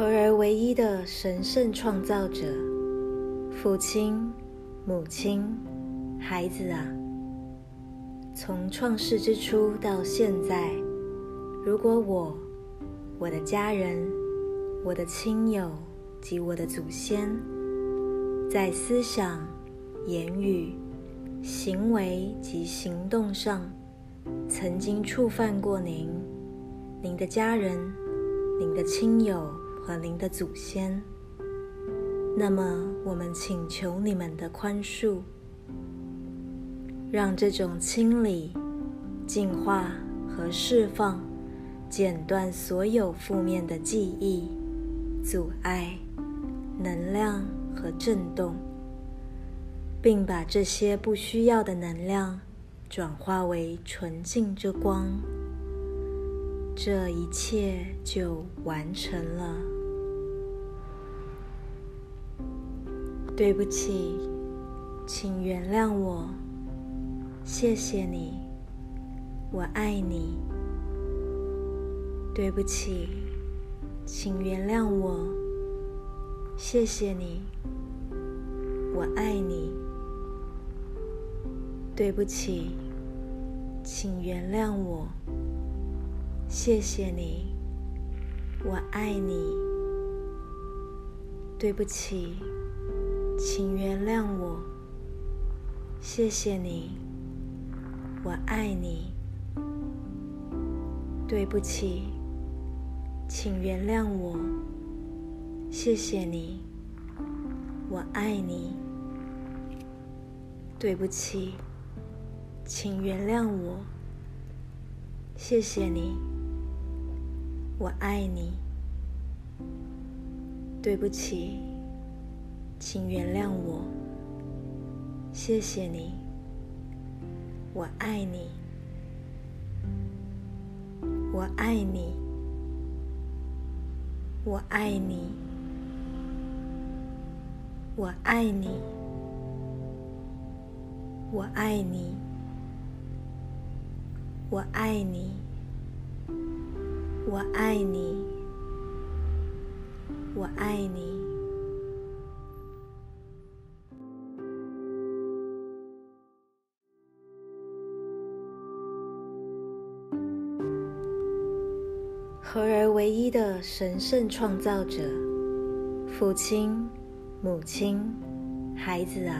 合而為一的神聖創造者，父親、母親、孩子啊，從創世之初到現在，如果我、我的家人、我的親友及我的祖先，在思想、言語、行為及行動上，曾經觸犯過您、您的家人、您的親友，和您的祖先，那麼我們請求你們的寬恕，讓這種清理、淨化和釋放，剪斷所有負面的記憶、阻礙、能量和振動，並把這些不需要的能量轉化為純淨之光，這一切就完成了。對不起，請原諒我。謝謝你，我愛你。對不起，請原諒我。謝謝你，我愛你。對不起，請原諒我。謝謝你，我愛你。對不起。請原諒我，謝謝你，我愛你。對不起，請原諒我，謝謝你，我愛你。對不起，請原諒我，謝謝你，我愛你。對不起。請原諒我。謝謝你。我愛你。我愛你。我愛你。我愛你。我愛你。我愛你。我愛你。我愛你。合而為一的神聖創造者，父親、母親、孩子啊！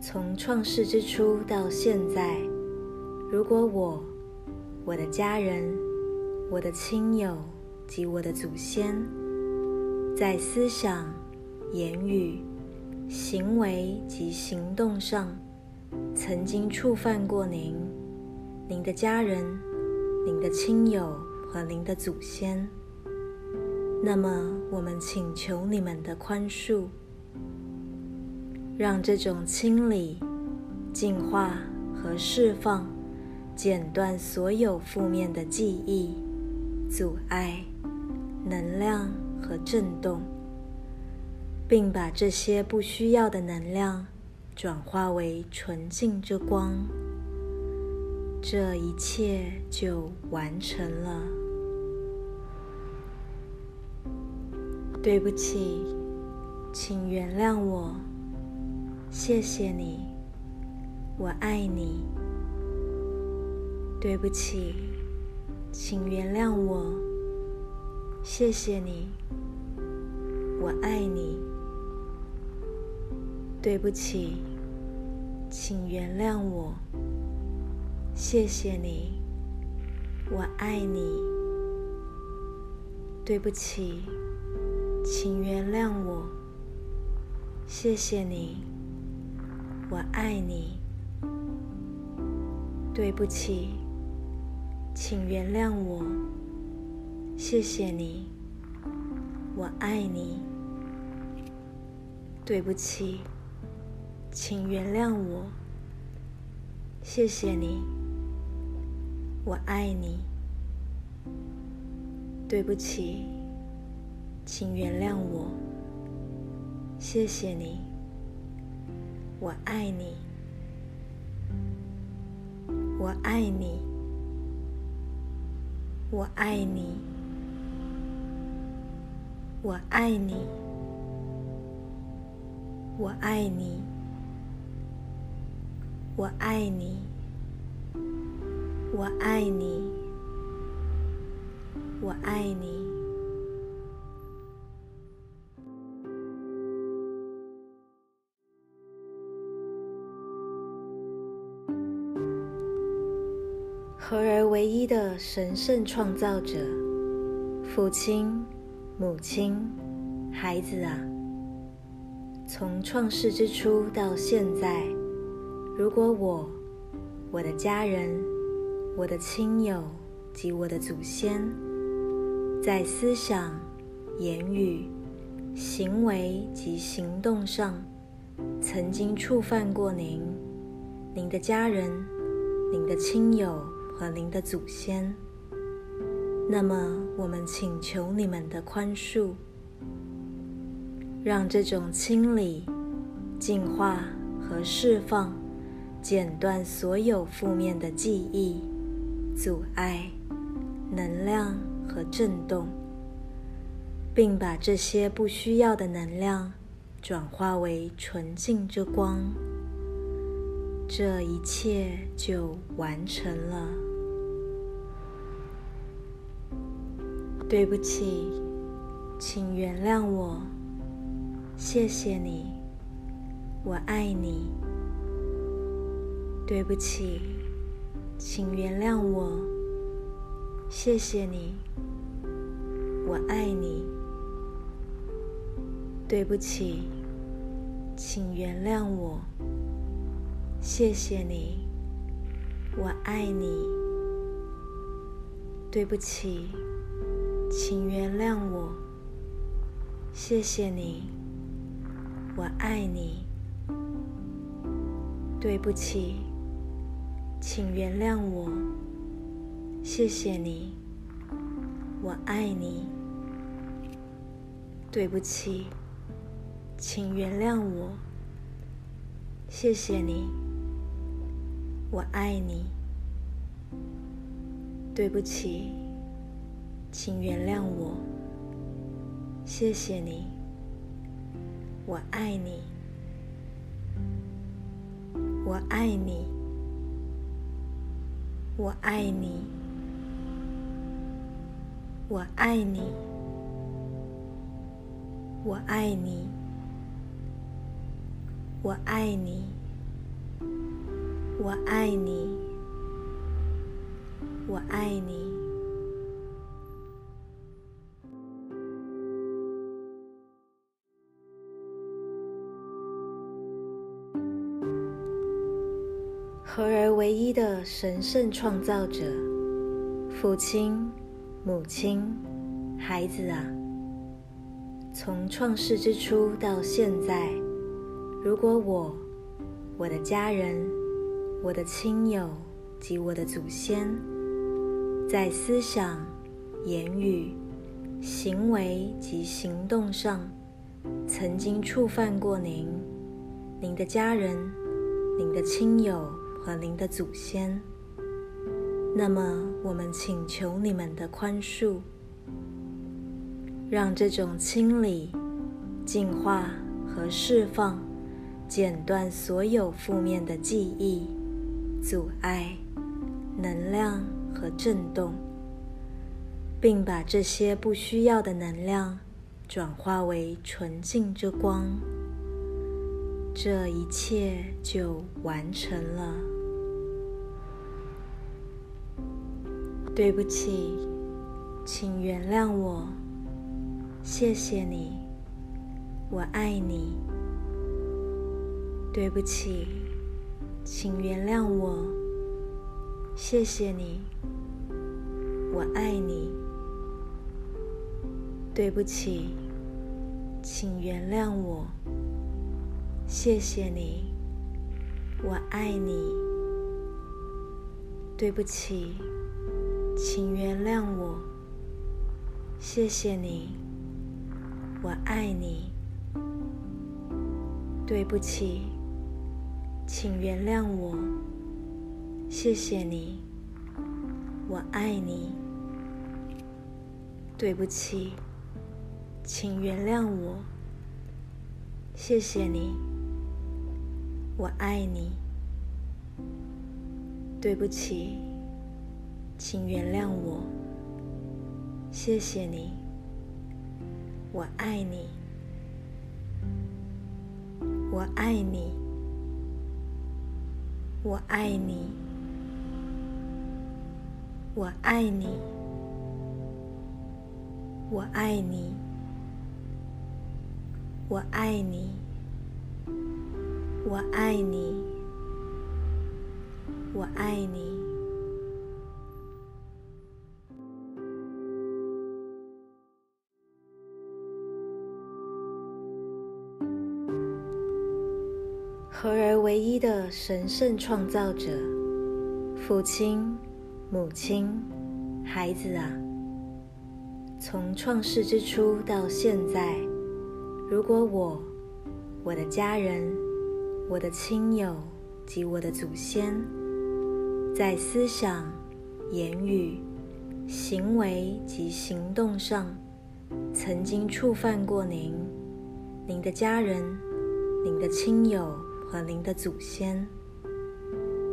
從創世之初到現在，如果我、我的家人、我的親友及我的祖先，在思想、言語、行為及行動上，曾經觸犯過您、您的家人、您的親友。和您的祖先，那麼我們請求你們的寬恕，讓這種清理、淨化和釋放，剪斷所有負面的記憶、阻礙、能量和振動，並把這些不需要的能量，轉化為純淨之光，這一切就完成了。對不起，請原諒我。謝謝你，我愛你。對不起，請原諒我。謝謝你，我愛你。對不起，請原諒我。謝謝你，我愛你。對不起。請原諒我，謝謝你，我愛你。對不起，請原諒我，謝謝你，我愛你。對不起，請原諒我，謝謝你，我愛你。對不起。請原諒我，謝謝你，我愛你，我愛你，我愛你，我愛你，我愛你，我愛你，我愛你，我愛你。合而為一的神聖創造者，父親、母親、孩子啊，從創世之初到現在，如果我、我的家人、我的親友及我的祖先，在思想、言語、行為及行動上，曾經觸犯過您、您的家人、您的親友，和您的祖先，那麼我們請求你們的寬恕，讓這種清理、淨化和釋放，剪斷所有負面的記憶、阻礙、能量和振動，並把這些不需要的能量，轉化為純淨之光，這一切就完成了。對不起，請原諒我。謝謝你，我愛你。對不起，請原諒我。謝謝你，我愛你。對不起，請原諒我。謝謝你，我愛你。對不起，請原諒我，謝謝你，我愛你。對不起，請原諒我，謝謝你，我愛你。對不起，請原諒我，謝謝你，我愛你。對不起。請原諒我。謝謝你。我愛你。我愛你。我愛你。我愛你。我愛你。我愛你。我愛你。我愛你。唯一的神聖創造者，父親、母親、孩子啊，從創世之初到現在，如果我、我的家人、我的親友及我的祖先，在思想、言語、行為及行動上，曾經觸犯過您、您的家人、您的親友。和您的祖先，那麼我們請求你們的寬恕，讓這種清理、淨化和釋放，剪斷所有負面的記憶、阻礙、能量和振動，並把這些不需要的能量轉化為純淨之光，這一切就完成了。對不起，請原諒我。謝謝你，我愛你。對不起，請原諒我。謝謝你，我愛你。對不起，請原諒我。謝謝你，我愛你。對不起。請原諒我，謝謝你，我愛你。對不起，請原諒我，謝謝你，我愛你。對不起，請原諒我，謝謝你，我愛你。對不起。請原諒我。謝謝你。我愛你。我愛你。我愛你。我愛你。我愛你。我愛你。我愛你。我愛你。合而為一的神聖創造者，父親、母親、孩子啊！從創世之初到現在，如果我、我的家人、我的親友及我的祖先，在思想、言語、行為及行動上，曾經觸犯過您、您的家人、您的親友。和您的祖先，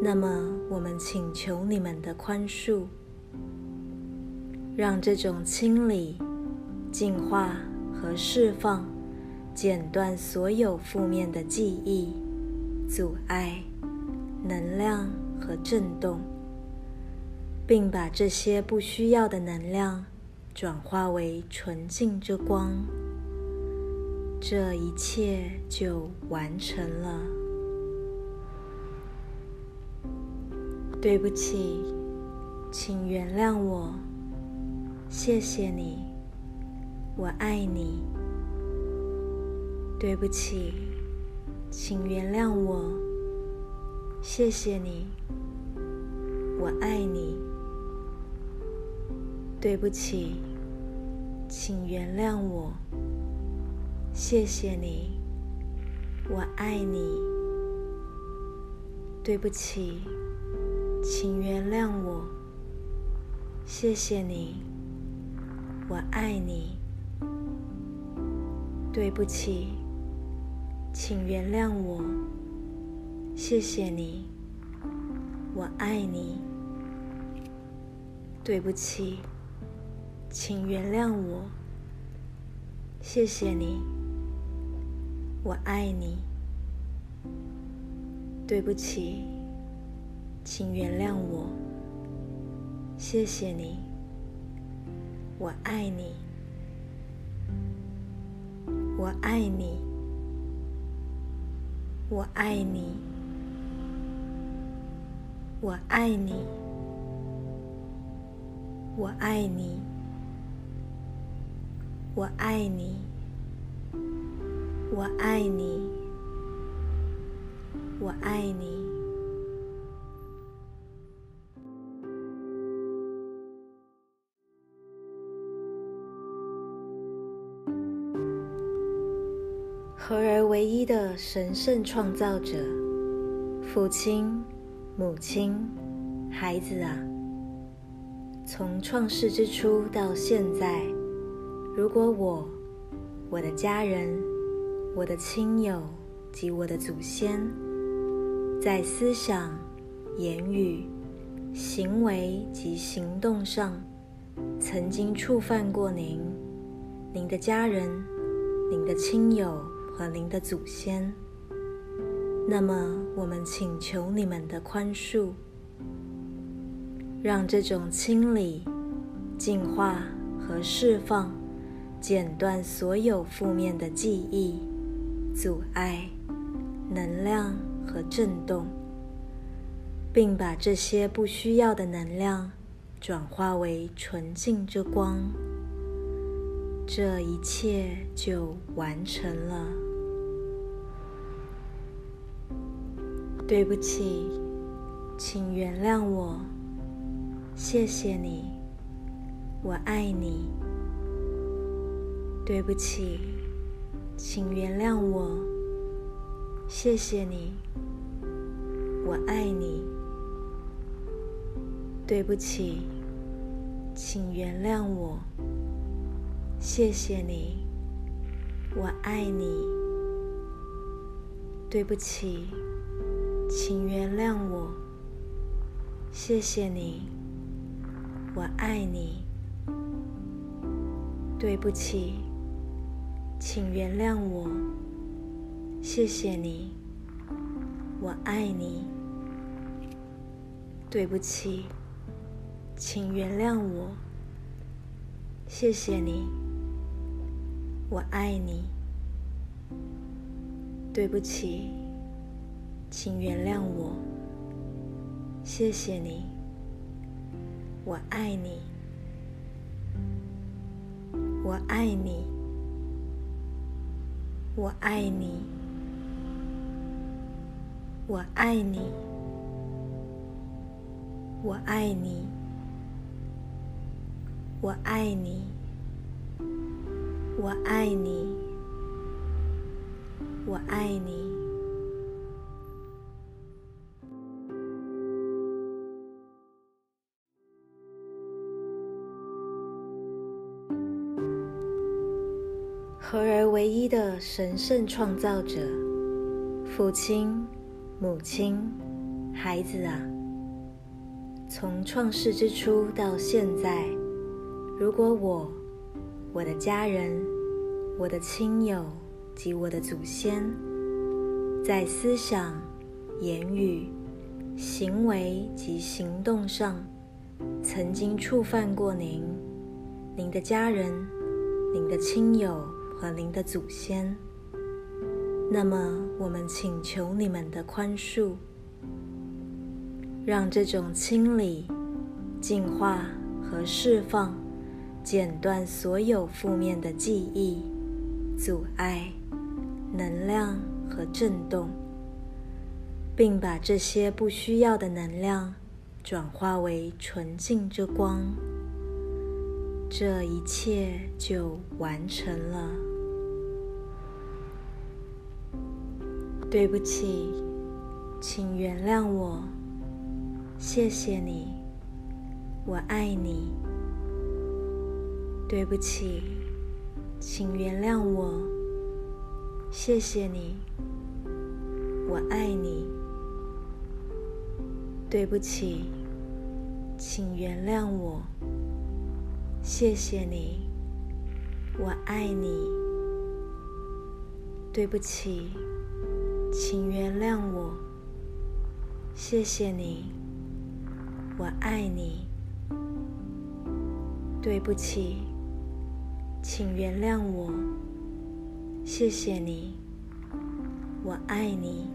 那麼我們請求你們的寬恕，讓這種清理、淨化和釋放，剪斷所有負面的記憶、阻礙、能量和振動，並把這些不需要的能量，轉化為純淨之光，這一切就完成了。對不起，請原諒我。謝謝你，我愛你。對不起，請原諒我。謝謝你，我愛你。對不起，請原諒我。謝謝你，我愛你。對不起，請原諒我，謝謝你，我愛你。對不起，請原諒我，謝謝你，我愛你。對不起，請原諒我，謝謝你，我愛你。對不起。請原諒我，謝謝你，我愛你，我愛你，我愛你，我愛你，我愛你，我愛你，我愛你，我愛你，我愛你。唯一的神聖創造者，父親、母親、孩子啊！從創世之初到現在，如果我、我的家人、我的親友及我的祖先，在思想、言語、行為及行動上，曾經觸犯過您、您的家人、您的親友。和您的祖先，那麼我們請求你們的寬恕，讓這種清理、淨化和釋放，剪斷所有負面的記憶、阻礙、能量和振動，並把這些不需要的能量轉化為純淨之光，這一切就完成了。對不起，請原諒我。謝謝你，我愛你。對不起，請原諒我。謝謝你，我愛你。對不起，請原諒我。謝謝你，我愛你。對不起。請原諒我，謝謝你，我愛你。對不起，請原諒我，謝謝你，我愛你。對不起，請原諒我，謝謝你，我愛你。對不起。請原諒我。謝謝你。我愛你。我愛你。我愛你。我愛你。我愛你。我愛你。我愛你。我愛你。我愛你。唯一的神聖創造者，父親、母親、孩子啊，從創世之初到現在，如果我、我的家人、我的親友及我的祖先，在思想、言語、行為及行動上，曾經觸犯過您、您的家人、您的親友。和您的祖先，那麼我們請求你們的寬恕，讓這種清理、淨化和釋放，剪斷所有負面的記憶、阻礙、能量和振動，並把這些不需要的能量，轉化為純淨之光，這一切就完成了。對不起，請原諒我。謝謝你，我愛你。對不起，請原諒我。謝謝你，我愛你。對不起，請原諒我。謝謝你，我愛你。對不起，請原諒我，謝謝你，我愛你。對不起，請原諒我，謝謝你，我愛你。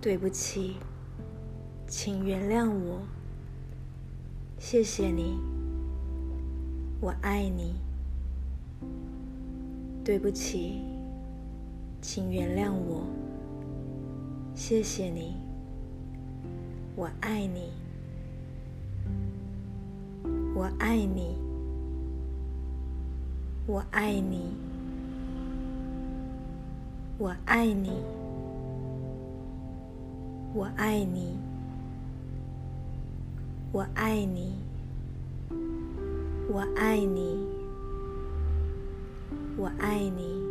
對不起，請原諒我，謝謝你，我愛你。對不起。請原諒我。謝謝你，我愛你，我愛你，我愛你，我愛你，我愛你，我愛你，我愛你，我愛你，我愛你。